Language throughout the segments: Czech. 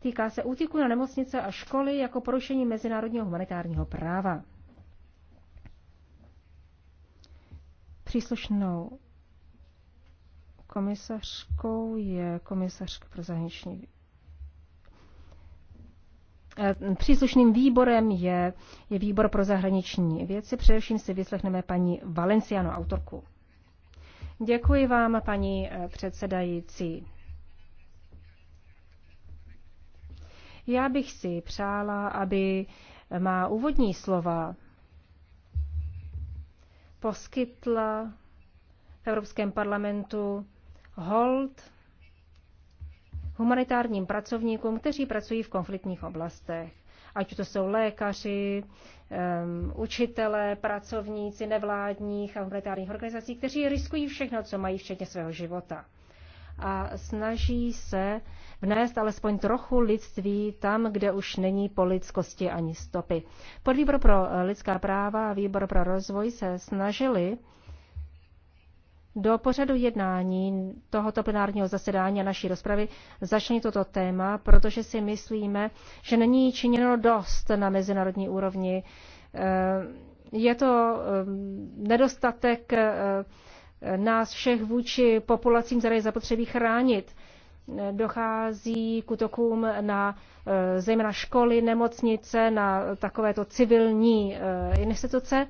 Týká se útěku na nemocnice a školy jako porušení mezinárodního humanitárního práva. Příslušnou komisařkou je komisařka pro zahraniční eh, Příslušným výborem je, je výbor pro zahraniční věci. Především si vyslechneme paní Valenciano, autorku. Děkuji vám, paní eh, předsedající. Já bych si přála, aby má úvodní slova poskytla v Evropském parlamentu hold humanitárním pracovníkům, kteří pracují v konfliktních oblastech. Ať to jsou lékaři, um, učitelé, pracovníci nevládních a humanitárních organizací, kteří riskují všechno, co mají, včetně svého života a snaží se vnést alespoň trochu lidství tam, kde už není po lidskosti ani stopy. Podvýbor pro eh, lidská práva a výbor pro rozvoj se snažili do pořadu jednání tohoto plenárního zasedání a naší rozpravy začne toto téma, protože si myslíme, že není činěno dost na mezinárodní úrovni. Eh, je to eh, nedostatek nás všech vůči populacím, které je zapotřebí chránit. Dochází k útokům na eh, zejména školy, nemocnice, na takovéto civilní eh, instituce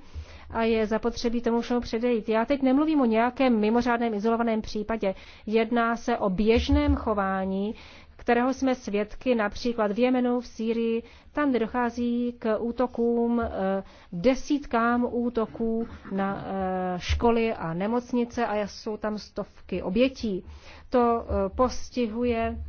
a je zapotřebí tomu všemu předejít. Já teď nemluvím o nějakém mimořádném izolovaném případě. Jedná se o běžném chování, kterého jsme svědky například v Jemenu, v Sýrii, tam, kde dochází k útokům, eh, desítkám útoků na eh, školy a nemocnice a jsou tam stovky obětí. To eh, postihuje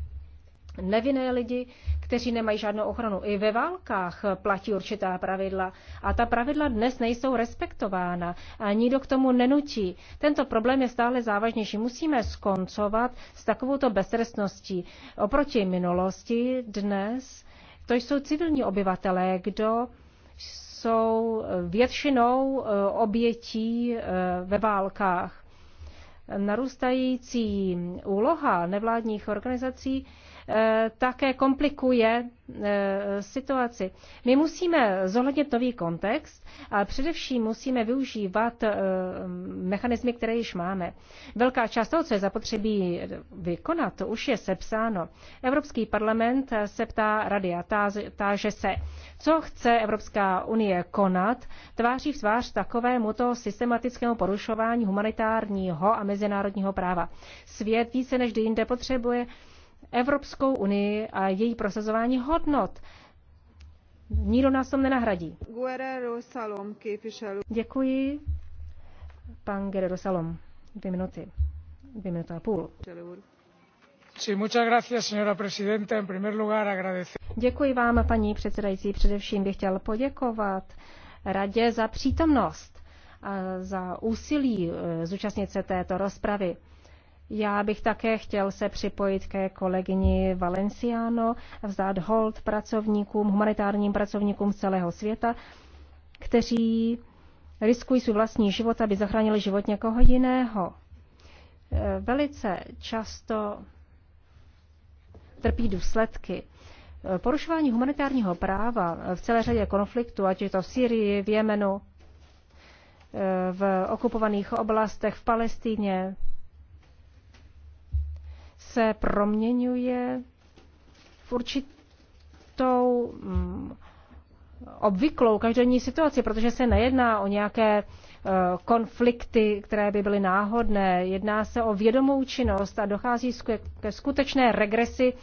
nevinné lidi, kteří nemají žádnou ochranu. I ve válkách platí určitá pravidla a ta pravidla dnes nejsou respektována a nikdo k tomu nenutí. Tento problém je stále závažnější. Musíme skoncovat s takovouto bezrestností. Oproti minulosti dnes to jsou civilní obyvatelé, kdo jsou většinou e, obětí e, ve válkách. Narůstající úloha nevládních organizací Eh, také komplikuje eh, situaci. My musíme zohlednit nový kontext a především musíme využívat eh, mechanismy, které již máme. Velká část toho, co je zapotřebí vykonat, to už je sepsáno. Evropský parlament se ptá rady a táže se, co chce Evropská unie konat tváří v tvář to systematickému porušování humanitárního a mezinárodního práva. Svět více než jinde potřebuje Evropskou unii a její prosazování hodnot. Nikdo nás tom nenahradí. Guerrero Salom, Děkuji. Pan Guerrero Salom, dvě minuty, dvě minuty a půl. Děkuji vám, paní předsedající. Především bych chtěl poděkovat radě za přítomnost a za úsilí eh, zúčastnit se této rozpravy. Já bych také chtěl se připojit ke kolegyni Valenciano, vzdát hold pracovníkům, humanitárním pracovníkům z celého světa, kteří riskují svůj vlastní život, aby zachránili život někoho jiného. Eh, velice často trpí důsledky eh, Porušování humanitárního práva v celé řadě konfliktů, ať je to v Syrii, v Jemenu, eh, v okupovaných oblastech, v Palestíně, se proměňuje v určitou mm, obvyklou každodenní situaci, protože se nejedná o nějaké e, konflikty, které by byly náhodné. Jedná se o vědomou činnost a dochází ke skutečné regresi e,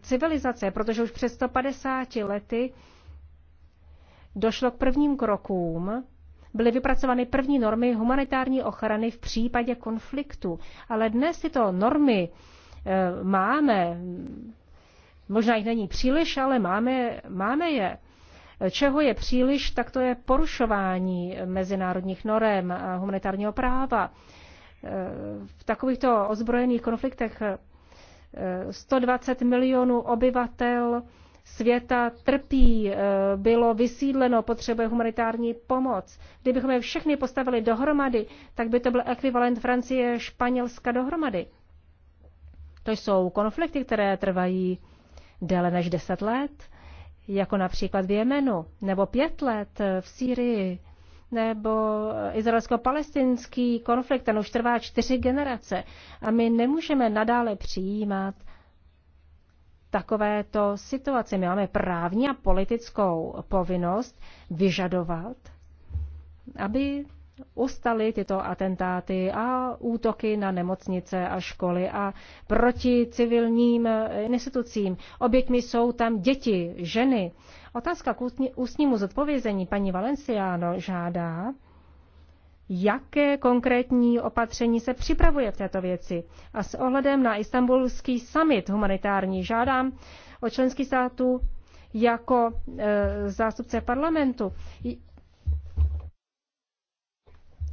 civilizace, protože už před 150 lety došlo k prvním krokům, byly vypracovány první normy humanitární ochrany v případě konfliktu. Ale dnes tyto normy eh, máme, možná jich není příliš, ale máme, máme je. Čeho je příliš, tak to je porušování mezinárodních norem a humanitárního práva. Eh, v takovýchto ozbrojených konfliktech eh, 120 milionů obyvatel světa trpí, eh, bylo vysídleno, potřebuje humanitární pomoc. Kdybychom je všechny postavili dohromady, tak by to byl ekvivalent Francie, Španělska dohromady. To jsou konflikty, které trvají déle než deset let, jako například v Jemenu, nebo pět let eh, v Sýrii, nebo eh, izraelsko-palestinský konflikt, ten už trvá čtyři generace. A my nemůžeme nadále přijímat takovéto situaci. My máme právní a politickou povinnost vyžadovat, aby ustaly tyto atentáty a útoky na nemocnice a školy a proti civilním institucím. Oběťmi jsou tam děti, ženy. Otázka k ústnímu zodpovězení paní Valenciano žádá, jaké konkrétní opatření se připravuje v této věci. A s ohledem na istambulský summit humanitární žádám o členský státu jako e, zástupce parlamentu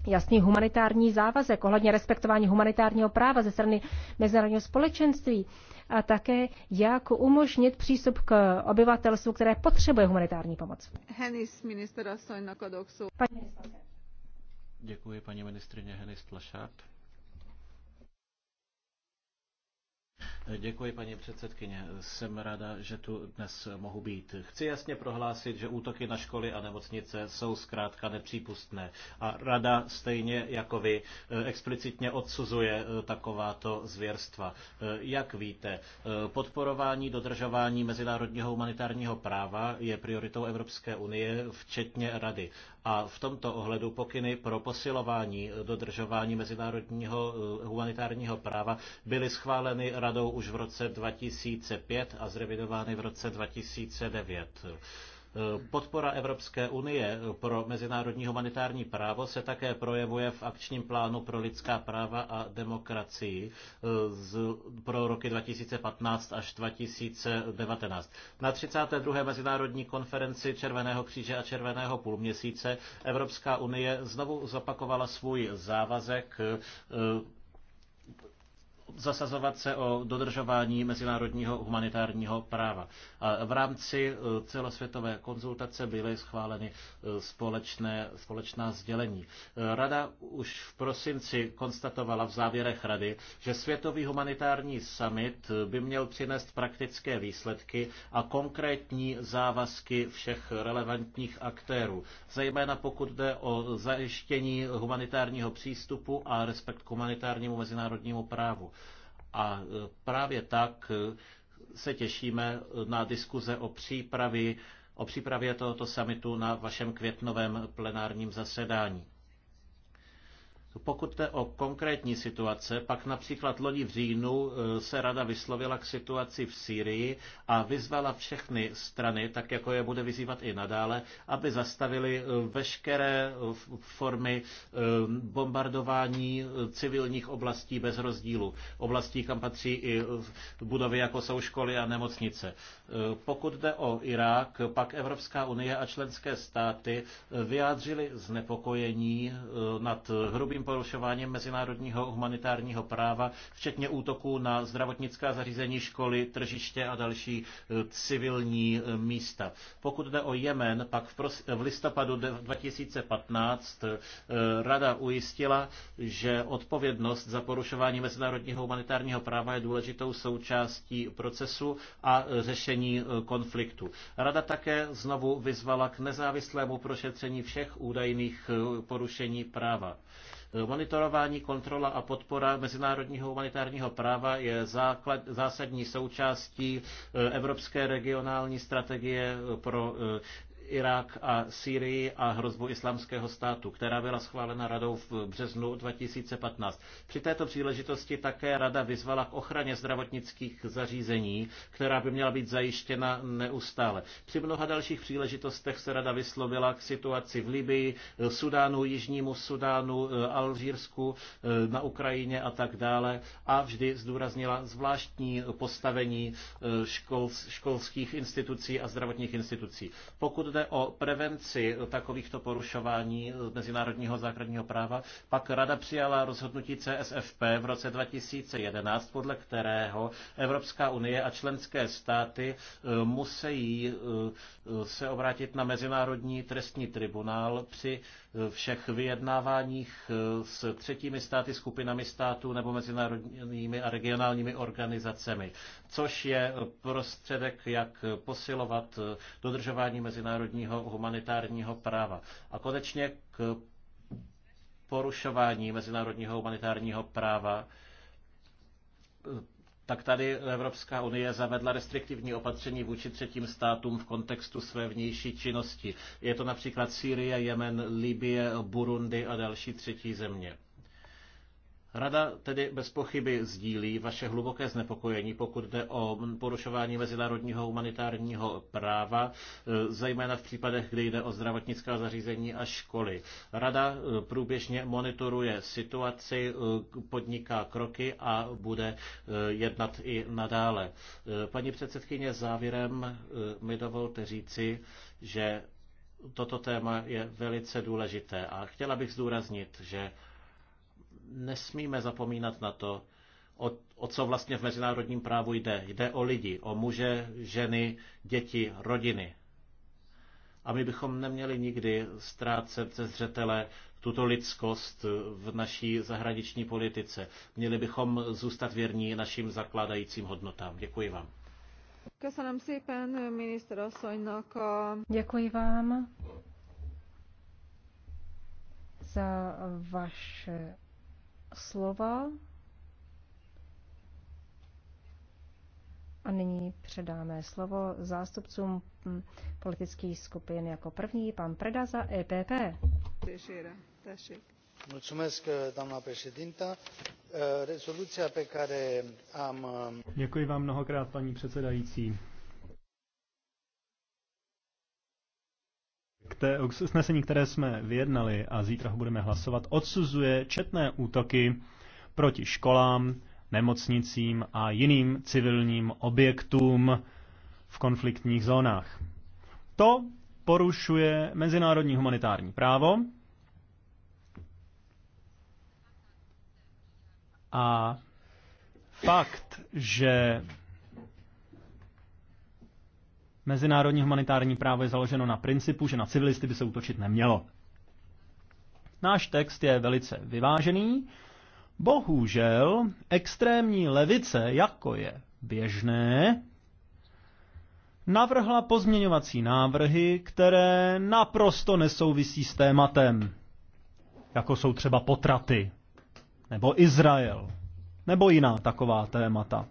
jasný humanitární závazek ohledně respektování humanitárního práva ze strany mezinárodního společenství a také jak umožnit přístup k obyvatelstvu, které potřebuje humanitární pomoc. Henis, minister, Děkuji paní ministrině Henis Plašát. Děkuji, paní předsedkyně. Jsem ráda, že tu dnes mohu být. Chci jasně prohlásit, že útoky na školy a nemocnice jsou zkrátka nepřípustné. A rada stejně jako vy eh, explicitně odsuzuje eh, takováto zvěrstva. Eh, jak víte, podporování dodržování mezinárodního humanitárního práva je prioritou Evropské unie, včetně rady. A v tomto ohledu pokyny pro posilování e, dodržování mezinárodního e, humanitárního práva byly schváleny radou už v roce 2005 a zrevidovány v roce 2009. Eh, podpora Evropské unie eh, pro mezinárodní humanitární právo se také projevuje v akčním plánu pro lidská práva a demokracii eh, pro roky 2015 až 2019. Na 32. mezinárodní konferenci Červeného kříže a Červeného půlměsíce Evropská unie znovu zopakovala svůj závazek zasazovat se o dodržování mezinárodního humanitárního práva. A v rámci e, celosvětové konzultace byly schváleny e, společné, společná sdělení. E, Rada už v prosinci konstatovala v závěrech rady, že Světový humanitární summit by měl přinést praktické výsledky a konkrétní závazky všech relevantních aktérů, zejména pokud jde o zajištění humanitárního přístupu a respekt k humanitárnímu mezinárodnímu právu. A e, právě tak e, se těšíme e, na diskuze o přípravě, o přípravě tohoto samitu na vašem květnovém plenárním zasedání. Pokud jde o konkrétní situace, pak například loni v říjnu eh, se rada vyslovila k situaci v Sýrii a vyzvala všechny strany, tak jako je bude vyzývat i nadále, aby zastavili eh, veškeré eh, formy bombardování civilních oblastí bez rozdílu. Oblastí, kam patří i budovy, jako jsou školy a nemocnice. Pokud jde o Irák, pak Evropská unie a členské státy vyjádřili znepokojení nad hrubým porušováním mezinárodního humanitárního práva, včetně útoků na zdravotnická zařízení, školy, tržiště a další e, civilní e, místa. Pokud jde o Jemen, pak v, v listopadu 2015 e, Rada ujistila, že odpovědnost za porušování mezinárodního humanitárního práva je důležitou součástí procesu a řešení konfliktu. Rada také znovu vyzvala k nezávislému prošetření všech údajných porušení práva. Monitorování, kontrola a podpora mezinárodního humanitárního práva je základ, zásadní součástí eh, Evropské regionální strategie pro eh, Irák a Sýrii a hrozbu islamského státu, která byla schválena radou v březnu 2015. Při této příležitosti také rada vyzvala k ochraně zdravotnických zařízení, která by měla být zajištěna neustále. Při mnoha dalších příležitostech se rada vyslovila k situaci v Libii, Sudánu, Jižnímu Sudánu, Alžírsku, na Ukrajině a tak dále a vždy zdůraznila zvláštní postavení škol, školských institucí a zdravotních institucí. Pokud jde o prevenci takovýchto porušování mezinárodního základního práva, pak Rada přijala rozhodnutí CSFP v roce 2011, podle kterého Evropská unie a členské státy eh, musí eh, se obrátit na Mezinárodní trestní tribunál při všech vyjednáváních eh, s třetími státy, skupinami států nebo mezinárodními a regionálními organizacemi, což je prostředek, jak posilovat eh, dodržování mezinárodního humanitárního práva. A konečně k porušování mezinárodního humanitárního práva eh, tak tady Evropská unie zavedla restriktivní opatření vůči třetím státům v kontextu své vnější činnosti. Je to například Sýrie, Jemen, Libye, Burundi a další třetí země. Rada tedy bez pochyby sdílí vaše hluboké znepokojení, pokud jde o porušování mezinárodního humanitárního práva, eh, zejména v případech, kdy jde o zdravotnická zařízení a školy. Rada eh, průběžně monitoruje situaci, eh, podniká kroky a bude jednat i nadále. Paní předsedkyně, závěrem mi dovolte říci, že toto téma je velice důležité a chtěla bych zdůraznit, že nesmíme zapomínat na to, o, o co vlastně v mezinárodním právu jde. Jde o lidi, o muže, ženy, děti, rodiny. A my bychom neměli nikdy ztrácet ze zřetele tuto lidskost v naší zahraniční politice. Měli bychom zůstat věrní našim zakládajícím hodnotám. Děkuji vám. Děkuji vám za vaše slova. A nyní předáme slovo zástupcům hm, politických skupin jako první pan Preda za EPP. Hm, Děkuji vám mnohokrát, paní předsedající. k té usnesení, které jsme vyjednali a zítra ho budeme hlasovat, odsuzuje četné útoky proti školám, nemocnicím a jiným civilním objektům v konfliktních zónách. To porušuje mezinárodní humanitární právo a fakt, že Mezinárodní humanitární právo je založeno na principu, že na civilisty by se útočit nemělo. Náš text je velice vyvážený. Bohužel extrémní levice, jako je běžné, navrhla pozměňovací návrhy, které naprosto nesouvisí s tématem, jako jsou třeba potraty, nebo Izrael, nebo jiná taková témata.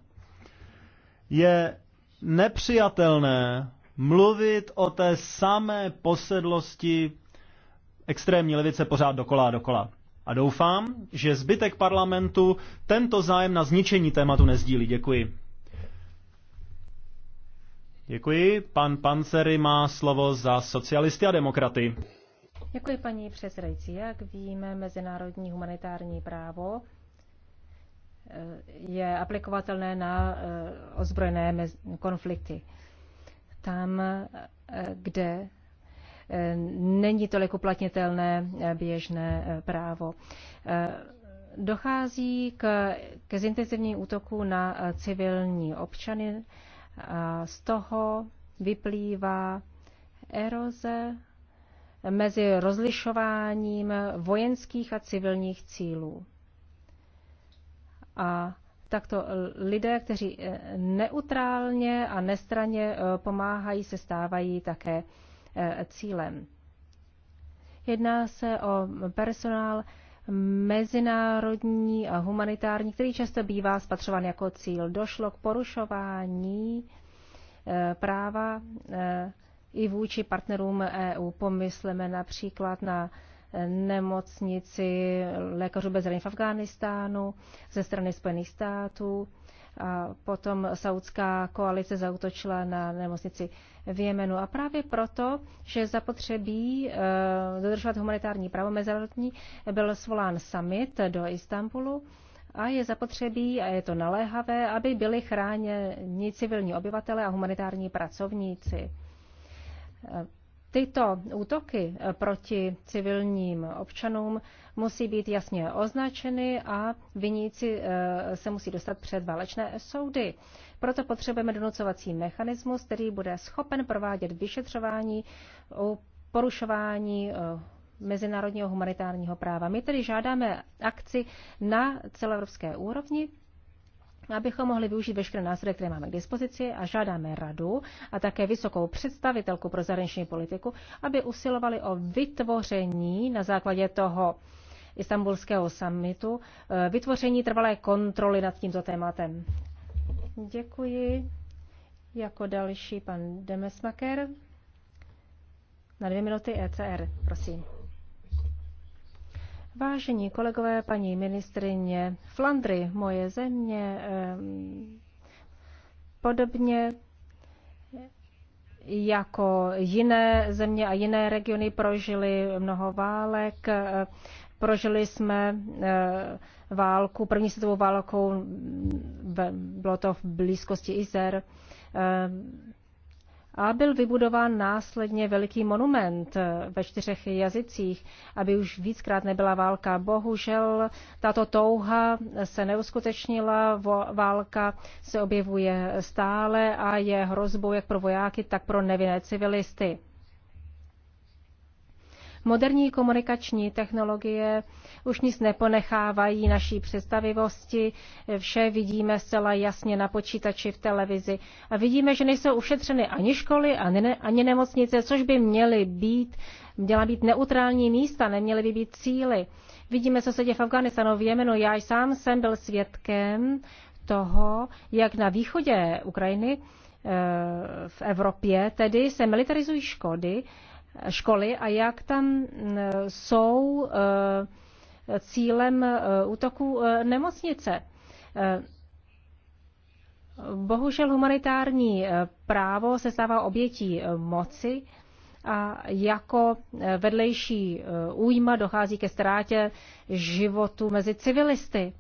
Je nepřijatelné mluvit o té samé posedlosti extrémní levice pořád dokola a dokola. A doufám, že zbytek parlamentu tento zájem na zničení tématu nezdílí. Děkuji. Děkuji. Pan Pancery má slovo za socialisty a demokraty. Děkuji, paní předsedající. Jak víme, mezinárodní humanitární právo je aplikovatelné na eh, ozbrojené konflikty. Tam, eh, kde eh, není tolik uplatnitelné běžné právo. Dochází k, ke zintenzivní útoku na civilní občany. A z toho vyplývá eroze mezi rozlišováním vojenských a civilních cílů. A takto lidé, kteří eh, neutrálně a nestraně eh, pomáhají, se stávají také eh, cílem. Jedná se o personál mezinárodní a humanitární, který často bývá spatřován jako cíl. Došlo k porušování práva i vůči partnerům EU. Pomysleme například na nemocnici lékařů bez hranic v Afghánistánu ze strany Spojených států. A potom saudská koalice zautočila na nemocnici v Jemenu. A právě proto, že zapotřebí e, dodržovat humanitární právo mezinárodní, byl svolán summit do Istanbulu a je zapotřebí, a je to naléhavé, aby byli chráněni civilní obyvatele a humanitární pracovníci. E, Tyto útoky eh, proti civilním občanům musí být jasně označeny a viníci eh, se musí dostat před válečné soudy. Proto potřebujeme donucovací mechanismus, který bude schopen provádět vyšetřování o porušování eh, mezinárodního humanitárního práva. My tedy žádáme akci na celoevropské úrovni abychom mohli využít veškeré nástroje, které máme k dispozici a žádáme radu a také vysokou představitelku pro zahraniční politiku, aby usilovali o vytvoření na základě toho istambulského summitu, eh, vytvoření trvalé kontroly nad tímto tématem. Děkuji. Jako další pan Demesmaker. Na dvě minuty ECR, prosím. Vážení kolegové, paní ministrině, Flandry, moje země, podobně jako jiné země a jiné regiony prožili mnoho válek. Prožili jsme eh, válku, první světovou válkou, bylo to v blízkosti Izer a byl vybudován následně veliký monument ve čtyřech jazycích, aby už víckrát nebyla válka. Bohužel tato touha se neuskutečnila, válka se objevuje stále a je hrozbou jak pro vojáky, tak pro nevinné civilisty. Moderní komunikační technologie už nic neponechávají naší představivosti, vše vidíme zcela jasně na počítači v televizi. A vidíme, že nejsou ušetřeny ani školy, ani nemocnice, což by měly být, měla být neutrální místa, neměly by být cíly. Vidíme, co se děje v Afganistanu, v Jemenu. Já sám jsem byl svědkem toho, jak na východě Ukrajiny eh, v Evropě tedy se militarizují škody, školy a jak tam eh, jsou eh, cílem eh, útoku nemocnice. Bohužel humanitární právo se stává obětí moci a jako vedlejší újma dochází ke ztrátě životu mezi civilisty.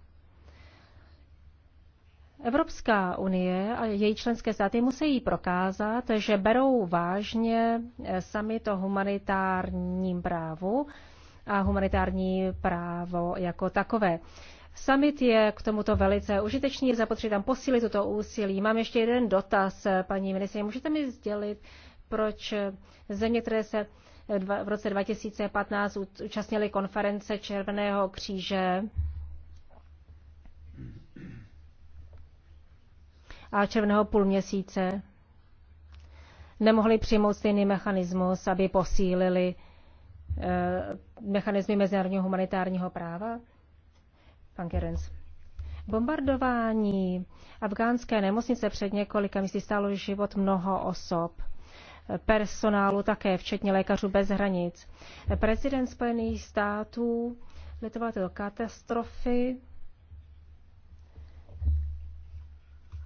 Evropská unie a její členské státy musí prokázat, že berou vážně eh, sami to humanitárním právu a humanitární právo jako takové. Summit je k tomuto velice užitečný, zapotřebí tam posílit tuto úsilí. Mám ještě jeden dotaz, eh, paní ministrině. Můžete mi sdělit, proč eh, země, které se v roce 2015 účastnily konference Červeného kříže, a červného půlměsíce nemohli přijmout stejný mechanismus, aby posílili eh, mechanizmy mezinárodního humanitárního práva? Pan Gerens. Bombardování afgánské nemocnice před několika měsíci stálo život mnoho osob personálu také, včetně lékařů bez hranic. Prezident Spojených států litoval do katastrofy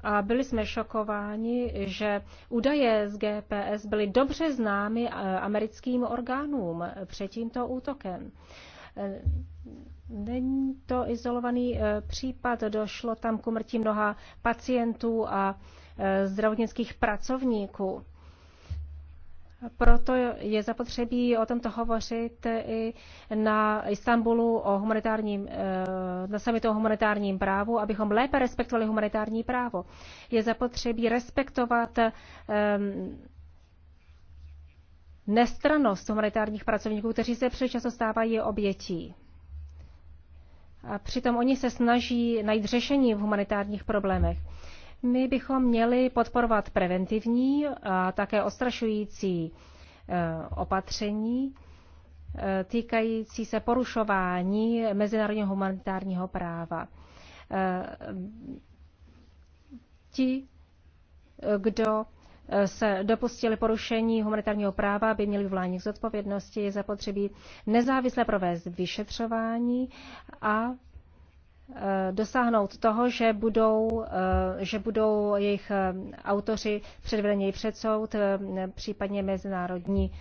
a byli jsme šokováni, že údaje z GPS byly dobře známy eh, americkým orgánům před tímto útokem. Eh, není to izolovaný eh, případ, došlo tam k umrtí mnoha pacientů a zdravotnických pracovníků. Proto je zapotřebí o tomto hovořit i na Istanbulu o humanitárním, eh, na samitu o humanitárním právu, abychom lépe respektovali humanitární právo. Je zapotřebí respektovat ehm, nestranost humanitárních pracovníků, kteří se přečasto stávají obětí. A přitom oni se snaží najít řešení v humanitárních problémech. My bychom měli podporovat preventivní a také ostrašující e, opatření e, týkající se porušování mezinárodního humanitárního práva. E, ti, kdo se dopustili porušení humanitárního práva, by měli vládní k zodpovědnosti, je zapotřebí nezávisle provést vyšetřování a Eh, dosáhnout toho, že budou, eh, že budou jejich eh, autoři předvedeni před soud, případně Mezinárodní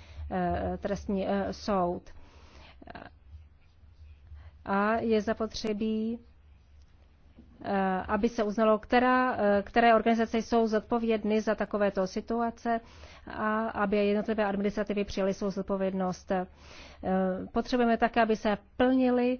trestní soud. A je zapotřebí, aby se uznalo, která, které organizace jsou zodpovědny za takovéto situace a aby jednotlivé administrativy přijaly svou zodpovědnost. Potřebujeme také, aby se plnily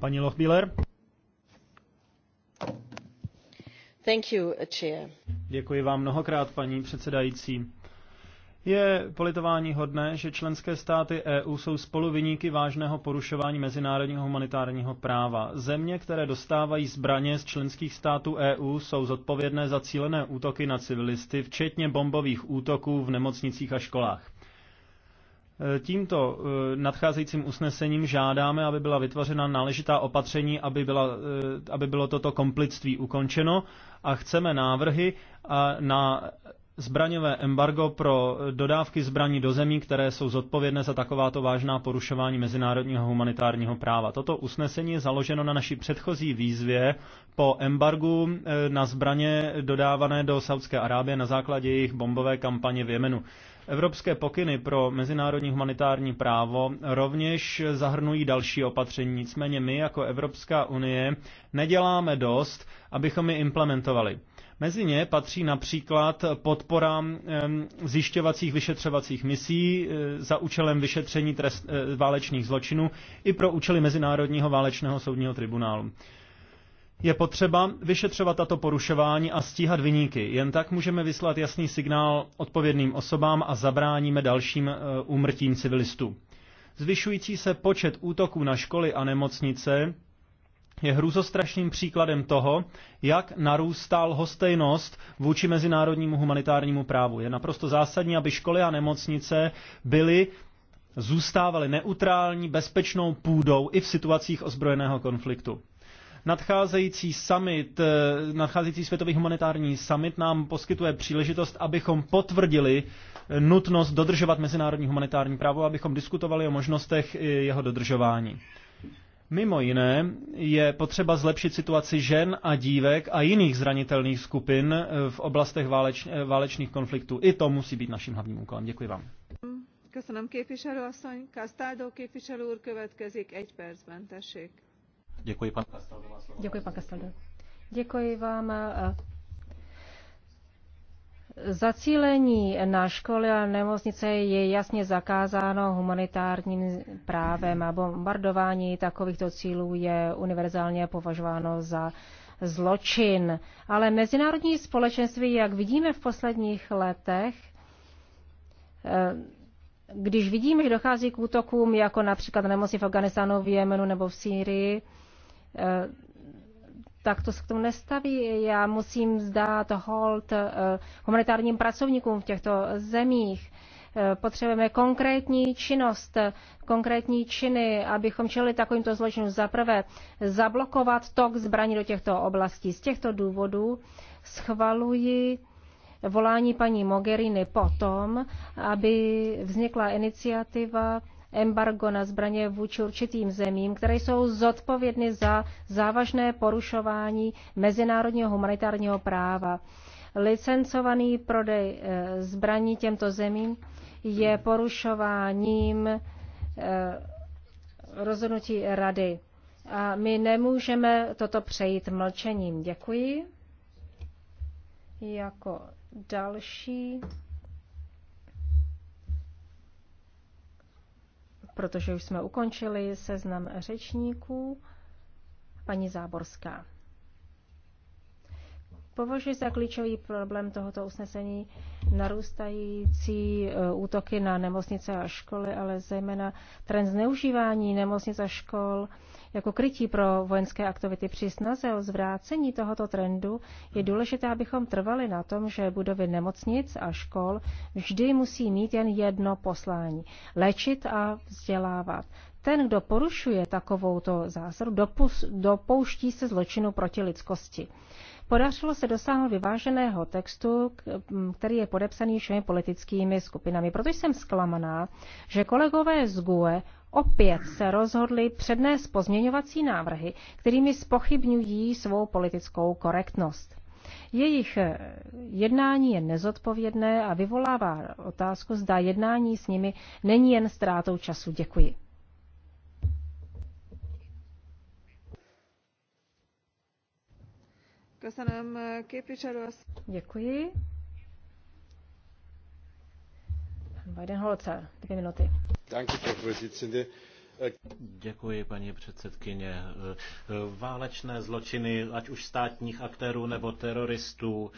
Paní Lochbíler. Thank you, chair. Děkuji vám mnohokrát, paní předsedající. Je politování hodné, že členské státy EU jsou spoluviníky vážného porušování mezinárodního humanitárního práva. Země, které dostávají zbraně z členských států EU, jsou zodpovědné za cílené útoky na civilisty, včetně bombových útoků v nemocnicích a školách. Tímto eh, nadcházejícím usnesením žádáme, aby byla vytvořena náležitá opatření, aby, byla, eh, aby bylo toto komplictví ukončeno a chceme návrhy na zbraňové embargo pro dodávky zbraní do zemí, které jsou zodpovědné za takováto vážná porušování mezinárodního humanitárního práva. Toto usnesení je založeno na naší předchozí výzvě po embargu eh, na zbraně dodávané do Saudské Arábie na základě jejich bombové kampaně v Jemenu. Evropské pokyny pro mezinárodní humanitární právo rovněž zahrnují další opatření, nicméně my jako Evropská unie neděláme dost, abychom je implementovali. Mezi ně patří například podpora zjišťovacích vyšetřovacích misí e, za účelem vyšetření trest, e, válečných zločinů i pro účely Mezinárodního válečného soudního tribunálu. Je potřeba vyšetřovat tato porušování a stíhat vyníky. Jen tak můžeme vyslat jasný signál odpovědným osobám a zabráníme dalším e, úmrtím civilistů. Zvyšující se počet útoků na školy a nemocnice je hrůzostrašným příkladem toho, jak narůstal hostejnost vůči mezinárodnímu humanitárnímu právu. Je naprosto zásadní, aby školy a nemocnice byly zůstávaly neutrální, bezpečnou půdou i v situacích ozbrojeného konfliktu. Nadcházející summit, eh, nadcházející světový humanitární summit nám poskytuje příležitost, abychom potvrdili eh, nutnost dodržovat mezinárodní humanitární právo, abychom diskutovali o možnostech eh, jeho dodržování. Mimo jiné je potřeba zlepšit situaci žen a dívek a jiných zranitelných skupin v oblastech váleč, válečných konfliktů. I to musí být naším hlavním úkolem. Děkuji vám. Köszönöm képviselő asszony. Kastádó képviselő úr következik egy percben, tessék. Děkuji, pan Kastaldo. Děkuji, pan Kasteldo. Děkuji vám. Eh, Zacílení na školy a nemocnice je jasně zakázáno humanitárním právem a bombardování takovýchto cílů je univerzálně považováno za zločin. Ale mezinárodní společenství, jak vidíme v posledních letech, eh, když vidíme, že dochází k útokům jako například nemoci v Afganistánu, v Jemenu nebo v Sýrii, Eh, tak to se k tomu nestaví. Já musím zdát hold eh, humanitárním pracovníkům v těchto zemích. Eh, potřebujeme konkrétní činnost, konkrétní činy, abychom čelili takovýmto zločinům. Zaprvé zablokovat tok zbraní do těchto oblastí. Z těchto důvodů schvaluji volání paní Mogherini potom, aby vznikla iniciativa embargo na zbraně vůči určitým zemím, které jsou zodpovědny za závažné porušování mezinárodního humanitárního práva. Licencovaný prodej eh, zbraní těmto zemím je porušováním eh, rozhodnutí rady. A my nemůžeme toto přejít mlčením. Děkuji. Jako další protože už jsme ukončili seznam řečníků. Paní Záborská. Považuji za klíčový problém tohoto usnesení narůstající eh, útoky na nemocnice a školy, ale zejména trend zneužívání nemocnic a škol jako krytí pro vojenské aktivity. Při snaze o zvrácení tohoto trendu je důležité, abychom trvali na tom, že budovy nemocnic a škol vždy musí mít jen jedno poslání – léčit a vzdělávat. Ten, kdo porušuje takovouto zásadu, dopouští se zločinu proti lidskosti. Podařilo se dosáhnout vyváženého textu, který je podepsaný všemi politickými skupinami. Proto jsem zklamaná, že kolegové z GUE opět se rozhodli přednést pozměňovací návrhy, kterými spochybňují svou politickou korektnost. Jejich eh, jednání je nezodpovědné a vyvolává otázku, zda jednání s nimi není jen ztrátou času. Děkuji. Eh, Děkuji. Holce, dvě minuty. Děkuji, paní předsedkyně. Válečné zločiny, ať už státních aktérů nebo teroristů,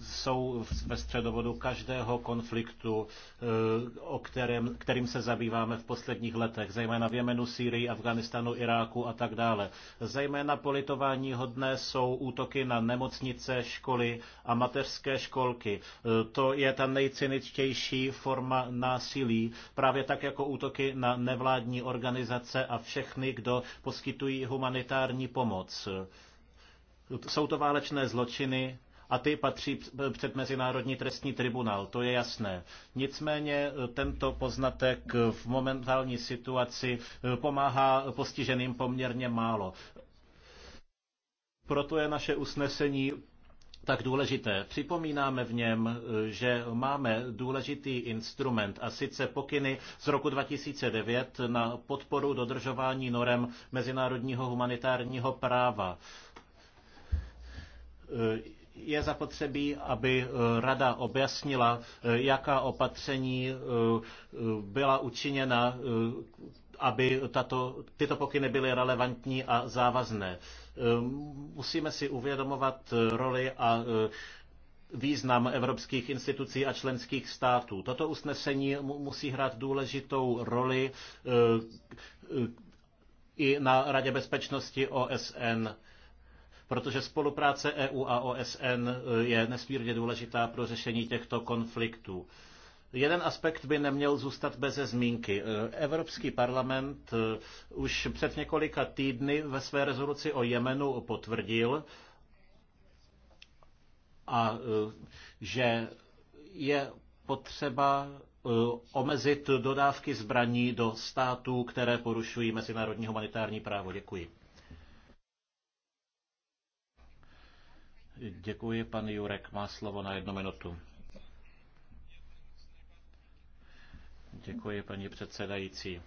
jsou ve středovodu každého konfliktu, eh, o kterém, kterým se zabýváme v posledních letech, zejména v Jemenu, Sýrii, Afganistanu, Iráku a tak dále. Zejména politování hodné jsou útoky na nemocnice, školy a mateřské školky. Eh, to je ta nejcyničtější forma násilí, právě tak jako útoky na nevládní organizace a všechny, kdo poskytují humanitární pomoc. Jsou to válečné zločiny, a ty patří před Mezinárodní trestní tribunál, to je jasné. Nicméně eh, tento poznatek eh, v momentální situaci eh, pomáhá postiženým poměrně málo. Proto je naše usnesení tak důležité. Připomínáme v něm, že máme důležitý instrument a sice pokyny z roku 2009 na podporu dodržování norem mezinárodního humanitárního práva je zapotřebí, aby eh, rada objasnila, eh, jaká opatření eh, byla učiněna, aby tato, tyto pokyny byly relevantní a závazné. Musíme si uvědomovat roli a význam evropských institucí a členských států. Toto usnesení musí hrát důležitou roli i na Radě bezpečnosti OSN protože spolupráce EU a OSN eh, je nesmírně důležitá pro řešení těchto konfliktů. Jeden aspekt by neměl zůstat bez zmínky. Eh, Evropský parlament eh, už před několika týdny ve své rezoluci o Jemenu potvrdil, a že je potřeba omezit dodávky zbraní do států, které porušují mezinárodní humanitární právo. Děkuji. Děkuji, pan Jurek má slovo na jednu minutu. Děkuji, paní předsedající.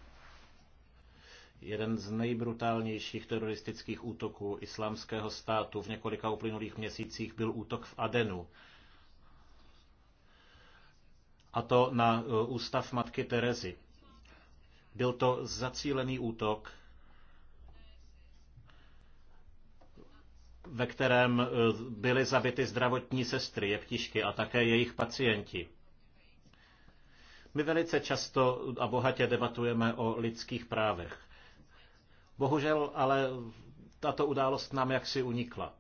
Jeden z nejbrutálnějších teroristických útoků islámského státu v několika uplynulých měsících byl útok v Adenu. A to na uh, ústav matky Terezy. Byl to zacílený útok, ve kterém eh, byly zabity zdravotní sestry, jeptišky a také jejich pacienti. My velice často a bohatě debatujeme o lidských právech. Bohužel ale tato událost nám jaksi unikla.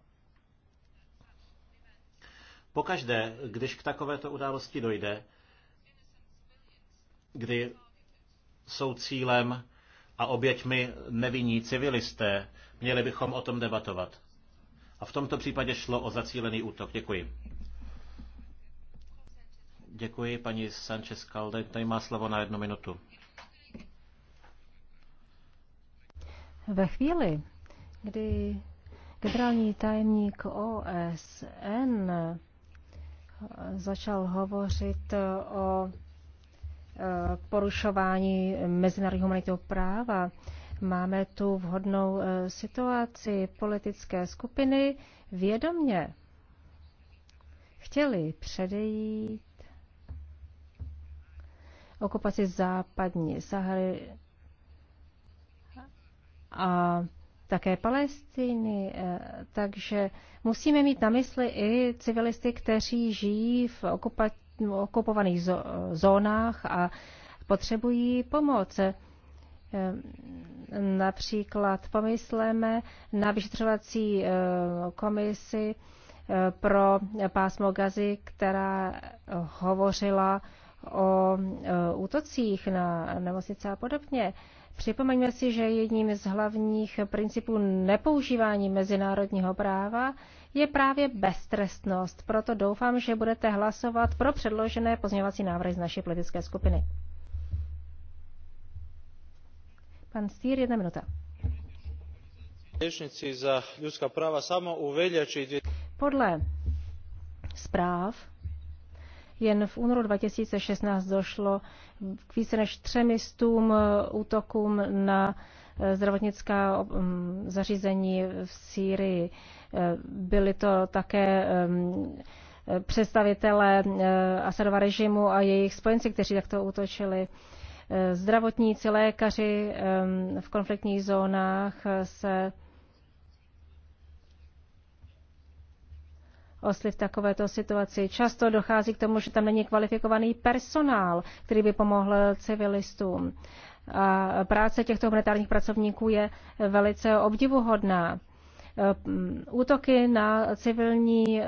Pokaždé, když k takovéto události dojde, kdy jsou cílem a oběťmi nevinní civilisté, měli bychom o tom debatovat. A v tomto případě šlo o zacílený útok. Děkuji. Děkuji, paní Sanchez Calde. Tady má slovo na jednu minutu. Ve chvíli, kdy generální tajemník OSN začal hovořit o eh, porušování mezinárodního humanitního práva, Máme tu vhodnou eh, situaci politické skupiny vědomně chtěli předejít okupaci západní Sahary a také Palestiny. Eh, takže musíme mít na mysli i civilisty, kteří žijí v okupa- okupovaných zónách a potřebují pomoc. Ehm, například pomysleme na vyšetřovací ehm, komisi ehm, pro pásmo Gazy, která hovořila o útocích na nemocnice a podobně. Připomeňme si, že jedním z hlavních principů nepoužívání mezinárodního práva je právě beztrestnost. Proto doufám, že budete hlasovat pro předložené pozměňovací návrhy z naší politické skupiny. jedna minuta. Podle zpráv jen v únoru 2016 došlo k více než třemistům eh, útokům na eh, zdravotnická mm, zařízení v Sýrii. Eh, Byly to také ehm, představitelé Asadova režimu a jejich spojenci, kteří takto útočili. Zdravotníci, lékaři v konfliktních zónách se osli v takovéto situaci. Často dochází k tomu, že tam není kvalifikovaný personál, který by pomohl civilistům. A práce těchto humanitárních pracovníků je velice obdivuhodná. Útoky na civilní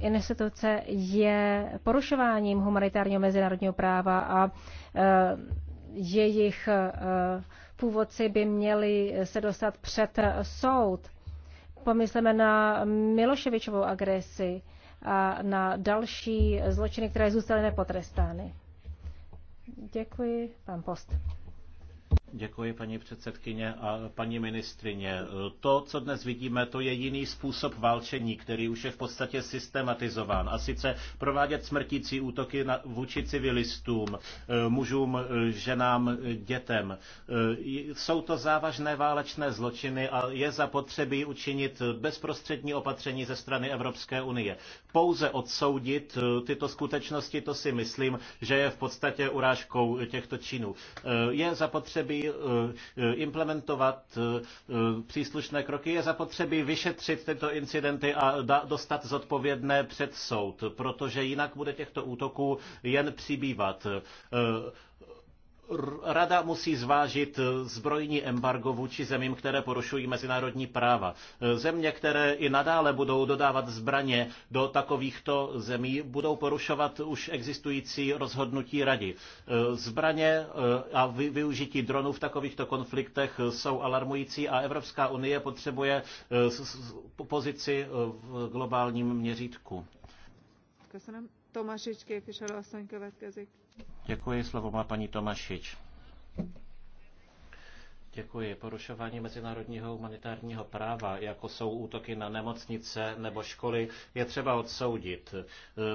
instituce je porušováním humanitárního mezinárodního práva a e, jejich e, původci by měli se dostat před soud. Pomysleme na Miloševičovou agresi a na další zločiny, které zůstaly nepotrestány. Děkuji, pan Post. Děkuji, paní předsedkyně a paní ministrině. To, co dnes vidíme, to je jiný způsob válčení, který už je v podstatě systematizován. A sice provádět smrtící útoky na, vůči civilistům, eh, mužům, eh, ženám, dětem. Eh, jsou to závažné válečné zločiny a je zapotřebí učinit bezprostřední opatření ze strany Evropské unie. Pouze odsoudit tyto skutečnosti, to si myslím, že je v podstatě urážkou těchto činů. Je zapotřebí Eh, implementovat eh, příslušné kroky, je zapotřebí vyšetřit tyto incidenty a dostat zodpovědné před soud, protože jinak bude těchto útoků jen přibývat. Eh, Rada musí zvážit zbrojní embargo vůči zemím, které porušují mezinárodní práva. Země, které i nadále budou dodávat zbraně do takovýchto zemí, budou porušovat už existující rozhodnutí Rady. Zbraně eh, a využití dronů v takovýchto konfliktech jsou alarmující a Evropská unie potřebuje eh, pozici eh, v globálním měřítku. Tomasič képviselő asszony következik. Děkuji, slovo má paní Tomašič. Děkuji. Porušování mezinárodního humanitárního práva, jako jsou útoky na nemocnice nebo školy, je třeba odsoudit.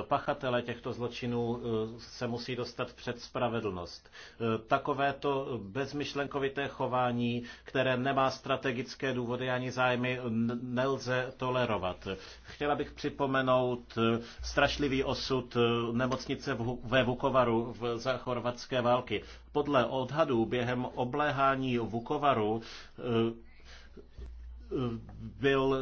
Pachatele těchto zločinů eh, se musí dostat před spravedlnost. Eh, takovéto bezmyšlenkovité chování, které nemá strategické důvody ani zájmy, nelze tolerovat. Chtěla bych připomenout eh, strašlivý osud nemocnice ve Vukovaru za chorvatské války. Podle odhadů během obléhání Vukovaru eh, byl,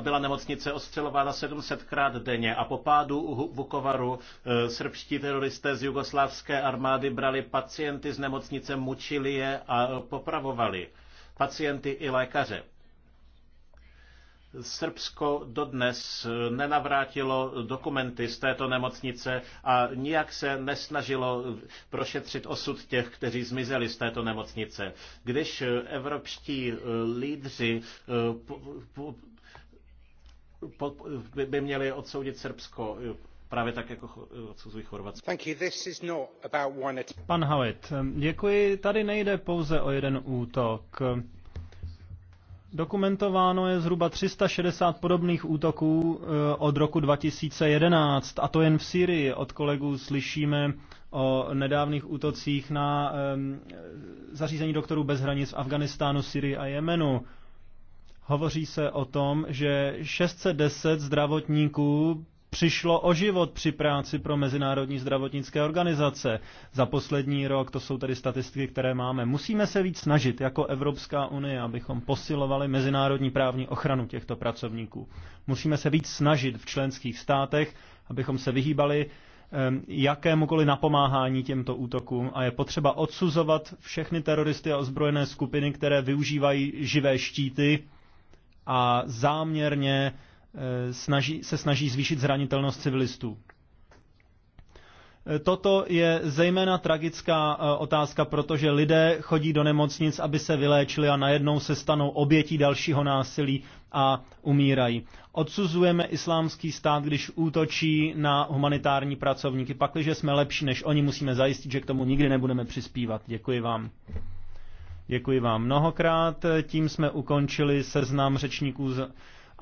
byla nemocnice ostřelována 700krát denně a po pádu Vukovaru eh, srbští teroristé z jugoslávské armády brali pacienty z nemocnice, mučili je a popravovali pacienty i lékaře. Srbsko dodnes nenavrátilo dokumenty z této nemocnice a nijak se nesnažilo prošetřit osud těch, kteří zmizeli z této nemocnice. Když evropští lídři eh, by měli odsoudit Srbsko, eh, právě tak, jako eh, odsuzují Chorvatsko. Pan Howitt, děkuji. Tady nejde pouze o jeden útok. Dokumentováno je zhruba 360 podobných útoků eh, od roku 2011, a to jen v Syrii. Od kolegů slyšíme o nedávných útocích na eh, zařízení doktorů bez hranic v Afganistánu, Syrii a Jemenu. Hovoří se o tom, že 610 zdravotníků přišlo o život při práci pro Mezinárodní zdravotnické organizace za poslední rok. To jsou tedy statistiky, které máme. Musíme se víc snažit jako Evropská unie, abychom posilovali mezinárodní právní ochranu těchto pracovníků. Musíme se víc snažit v členských státech, abychom se vyhýbali jakémukoliv napomáhání těmto útokům a je potřeba odsuzovat všechny teroristy a ozbrojené skupiny, které využívají živé štíty a záměrně Eh, snaží, se snaží zvýšit zranitelnost civilistů. Eh, toto je zejména tragická eh, otázka, protože lidé chodí do nemocnic, aby se vyléčili a najednou se stanou obětí dalšího násilí a umírají. Odsuzujeme islámský stát, když útočí na humanitární pracovníky. Pakliže jsme lepší než oni, musíme zajistit, že k tomu nikdy nebudeme přispívat. Děkuji vám. Děkuji vám mnohokrát. Tím jsme ukončili seznam řečníků z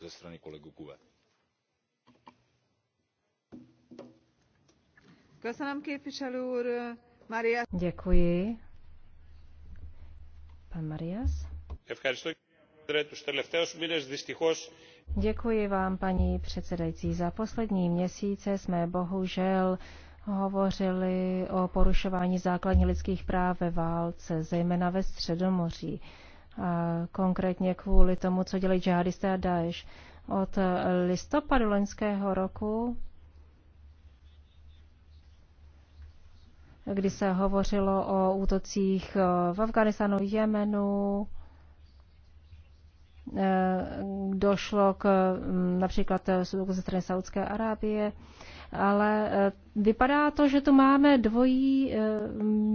ze strany kolegy guelleho. Děkuji. Pan Marias. Děkuji vám, paní předsedající. Za poslední měsíce jsme bohužel hovořili o porušování základních lidských práv ve válce, zejména ve Středomoří konkrétně kvůli tomu, co dělají džihadisté a Daesh. Od listopadu loňského roku, kdy se hovořilo o útocích v Afganistánu, Jemenu, eh, došlo k mm, například eh, ze strany Saudské Arábie, ale eh, vypadá to, že tu máme dvojí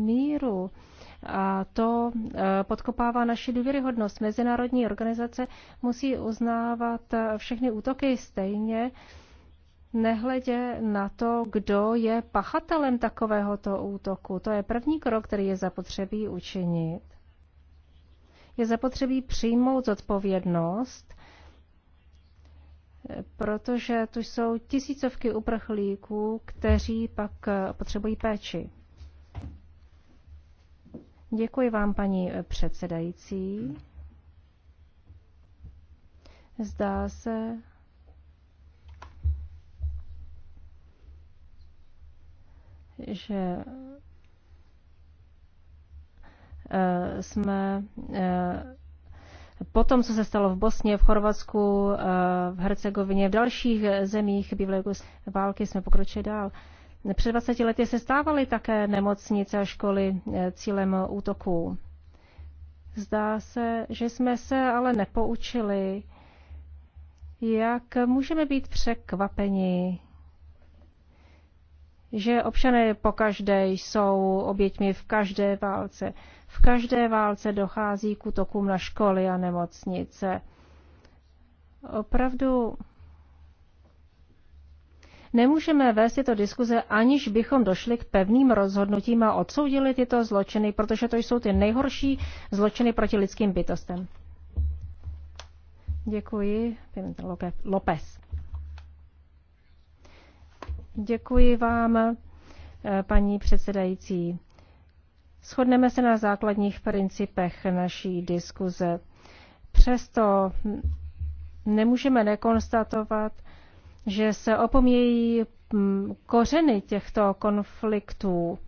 míru. A to eh, podkopává naši důvěryhodnost. Mezinárodní organizace musí uznávat eh, všechny útoky stejně, nehledě na to, kdo je pachatelem takovéhoto útoku. To je první krok, který je zapotřebí učinit. Je zapotřebí přijmout zodpovědnost, protože tu jsou tisícovky uprchlíků, kteří pak eh, potřebují péči. Děkuji vám, paní předsedající. Zdá se, že eh, jsme eh, po tom, co se stalo v Bosně, v Chorvatsku, eh, v Hercegovině, v dalších zemích bývalé války, jsme pokročili dál. Před 20 lety se stávaly také nemocnice a školy eh, cílem útoků. Zdá se, že jsme se ale nepoučili, jak můžeme být překvapeni, že občané pokaždé jsou oběťmi v každé válce. V každé válce dochází k útokům na školy a nemocnice. Opravdu Nemůžeme vést tyto diskuze, aniž bychom došli k pevným rozhodnutím a odsoudili tyto zločiny, protože to jsou ty nejhorší zločiny proti lidským bytostem. Děkuji, Lopez. Děkuji vám, eh, paní předsedající. Shodneme se na základních principech naší diskuze. Přesto nemůžeme nekonstatovat, že se opomějí mm, kořeny těchto konfliktů.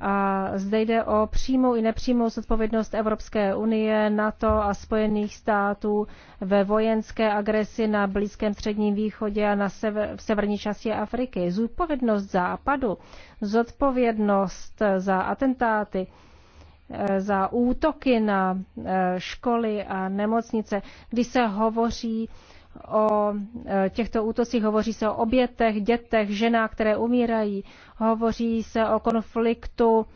A zde jde o přímou i nepřímou zodpovědnost Evropské unie, NATO a Spojených států ve vojenské agresi na Blízkém středním východě a na sever, v severní části Afriky. Zodpovědnost Západu, zodpovědnost za atentáty, e, za útoky na e, školy a nemocnice, kdy se hovoří o e, těchto útocích, hovoří se o obětech, dětech, ženách, které umírají, hovoří se o konfliktu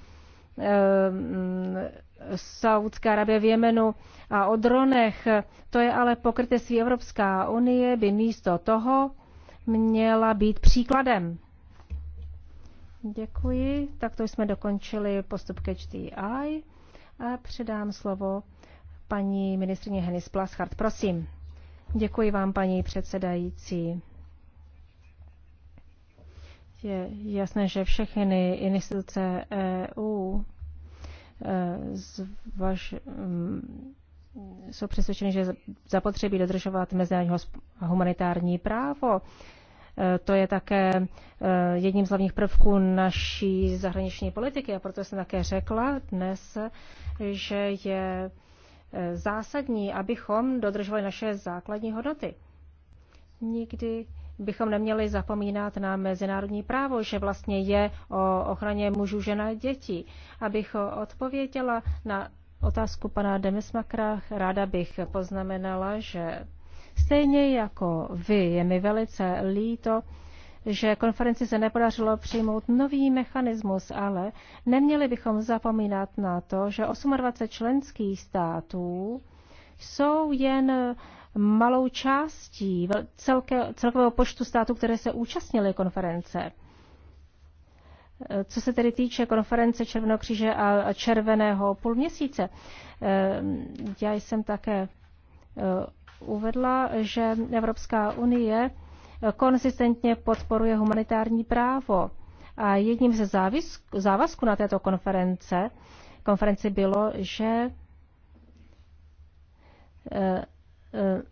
e, Saudské Arabie v Jemenu a o dronech. To je ale pokrytectví Evropská unie by místo toho měla být příkladem. Děkuji. Takto jsme dokončili postup ke a předám slovo paní ministrině Henis Plaschart. Prosím. Děkuji vám, paní předsedající. Je jasné, že všechny instituce EU e, zvaž, mm, jsou přesvědčeny, že zapotřebí dodržovat mezinárodní humanitární právo. E, to je také e, jedním z hlavních prvků naší zahraniční politiky a proto jsem také řekla dnes, že je zásadní, abychom dodržovali naše základní hodnoty. Nikdy bychom neměli zapomínat na mezinárodní právo, že vlastně je o ochraně mužů, žen a dětí. Abych odpověděla na otázku pana Demismakra, ráda bych poznamenala, že stejně jako vy je mi velice líto, že konferenci se nepodařilo přijmout nový mechanismus, ale neměli bychom zapomínat na to, že 28 členských států jsou jen malou částí celkového počtu států, které se účastnily konference. Co se tedy týče konference Červeného kříže a Červeného půlměsíce, eh, já jsem také eh, uvedla, že Evropská unie Konzistentně podporuje humanitární právo. A jedním ze závazků na této konference, konferenci bylo, že eh, eh,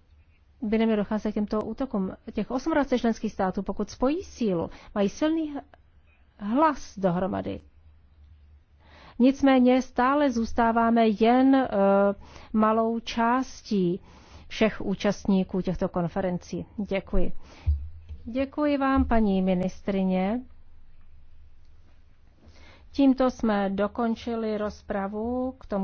by nemělo docházet k těmto útokům. Těch 18 členských států, pokud spojí sílu, mají silný hlas dohromady. Nicméně stále zůstáváme jen eh, malou částí všech účastníků těchto konferencí. Děkuji. Děkuji vám, paní ministrině. Tímto jsme dokončili rozpravu k tomu.